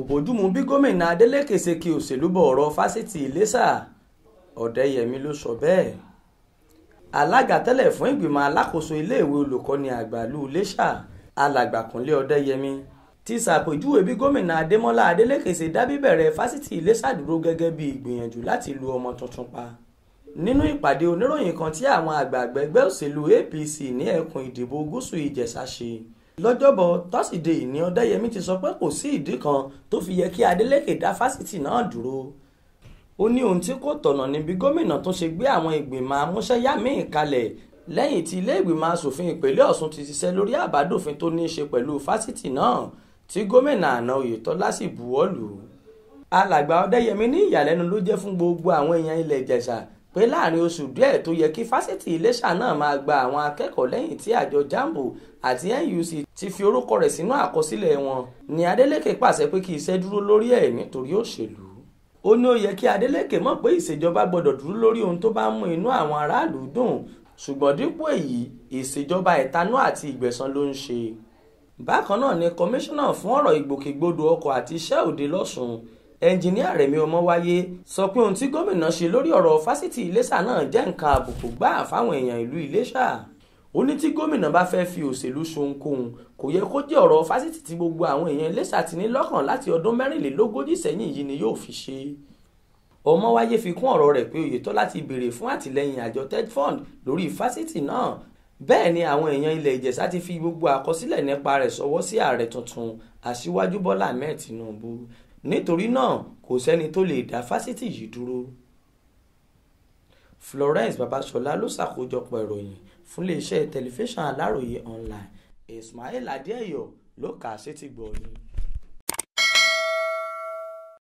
kò bójúmu bí gómìnà Adeleke ṣe kì òṣèlú bọ ọ̀rọ̀ fásitì Iléṣà Ọ̀dẹ́yẹmí ló sọ bẹ́ẹ̀ alága tẹ́lẹ̀ fún ìgbìmọ̀ alákòóso iléèwé olùkọ́ni àgbà ìlú Iléṣà alàgbà Kúnlé Ọ̀dẹ́yẹmí ti ṣàpèjúwe bí gómìnà Adémọ́lá Adeleke ṣe dá bíbẹ̀rẹ̀ fásitì Iléṣà dúró gẹ́gẹ́ bí ìgbìyànjú láti lu ọmọ tuntun pa nínú ìpàdé oníròyìn kan tí àwọn àgbààgbà òṣèlú APC ní ẹkùn ìdìbò gúúsù Ìjẹ̀ṣà ṣe lọ́jọ́bọ̀ tọ́sídẹ̀ẹ́ ní ọ̀dẹ́yẹmí ti sọ pé kò sí ìdí kan tó fi yẹ kí adeleke dá fásitì náà dúró ó ní ohun tí kò tọ̀nà ni bí gómìnà tó ṣe gbé àwọn ìgbìmọ̀ amúṣẹ́yá míì kalẹ̀ lẹ́yìn tí ilé ìgbìmọ̀ asòfin ìpínlẹ̀ ọ̀ṣun ti ṣiṣẹ́ lórí àbádòfin tó ní í ṣe pẹ̀lú fásitì náà tí gómìnà àná oyètọ́lá sì buwọ́ lù ú alàgbà ọ̀dẹ́yẹmí ní ìyàlẹ́nu ló jẹ́ fún gbogbo àwọn èèyàn ilẹ̀ ìjẹ̀ṣà pé láàrin oṣù díẹ̀ tó yẹ kí fásitì Iléṣà náà máa gba àwọn akẹ́kọ̀ọ́ lẹ́yìn tí àjọ jambo àti NUC ti fi orúkọ rẹ̀ sínú àkọsílẹ̀ wọn ni Adeleke pàṣẹ pé kí iṣẹ́ dúró lórí ẹ̀ nítorí òṣèlú ó ní ó yẹ kí Adeleke mọ̀ pé ìṣèjọba gbọ́dọ̀ dúró lórí ohun tó bá ń mú inú àwọn aráàlú dùn ṣùgbọ́n dípò èyí ìṣèjọba ẹ̀tanú àti ìgbẹ̀san ló ń ṣe bákan náà ni kọmíṣánná fún ọ̀rọ̀ ìgbòkègbodò ọkọ̀ àti iṣẹ́ òde lọ́sùn ẹnjìníà Rẹ̀mí Ọmọwáyé sọ pé ohun tí gómìnà ṣe lórí ọ̀rọ̀ fásitì Iléṣà náà jẹ́ nǹkan àbùkù gbáà fáwọn èèyàn ìlú Iléṣà ó ní tí gómìnà bá fẹ́ fi òṣèlú ṣohunkóhun kò yẹ kó jẹ́ ọ̀rọ̀ fásitì tí gbogbo àwọn èèyàn Iléṣà ti ní lọ́kàn láti ọdún mẹ́rìnlélógójì sẹ́yìn yìí ni yóò fi ṣe Ọmọwáyé fi kún ọ̀rọ̀ rẹ̀ pé Oyètọ́lá ti béèrè fún àtìlẹ́yìn àjọ TETFund lórí fásitì náà bẹ́ẹ̀ ni àwọn èèyàn ilẹ̀ Ìjẹ̀ṣà ti fi gbogbo àkọsílẹ̀ nípa rẹ̀ sọwọ́ sí ààrẹ tuntun Aṣíwájú Bọ́lá Ahmed Tinubu nítorí náà kò sẹ́ni tó lè dá fásitì yìí dúró. Florence Babasola ló ṣàkójọpọ̀ ìròyìn fún iléeṣẹ́ tẹlifíṣàn Aláròye online Ismail Adéyọ̀ ló kà á sétí gbọ̀ọ́yìn.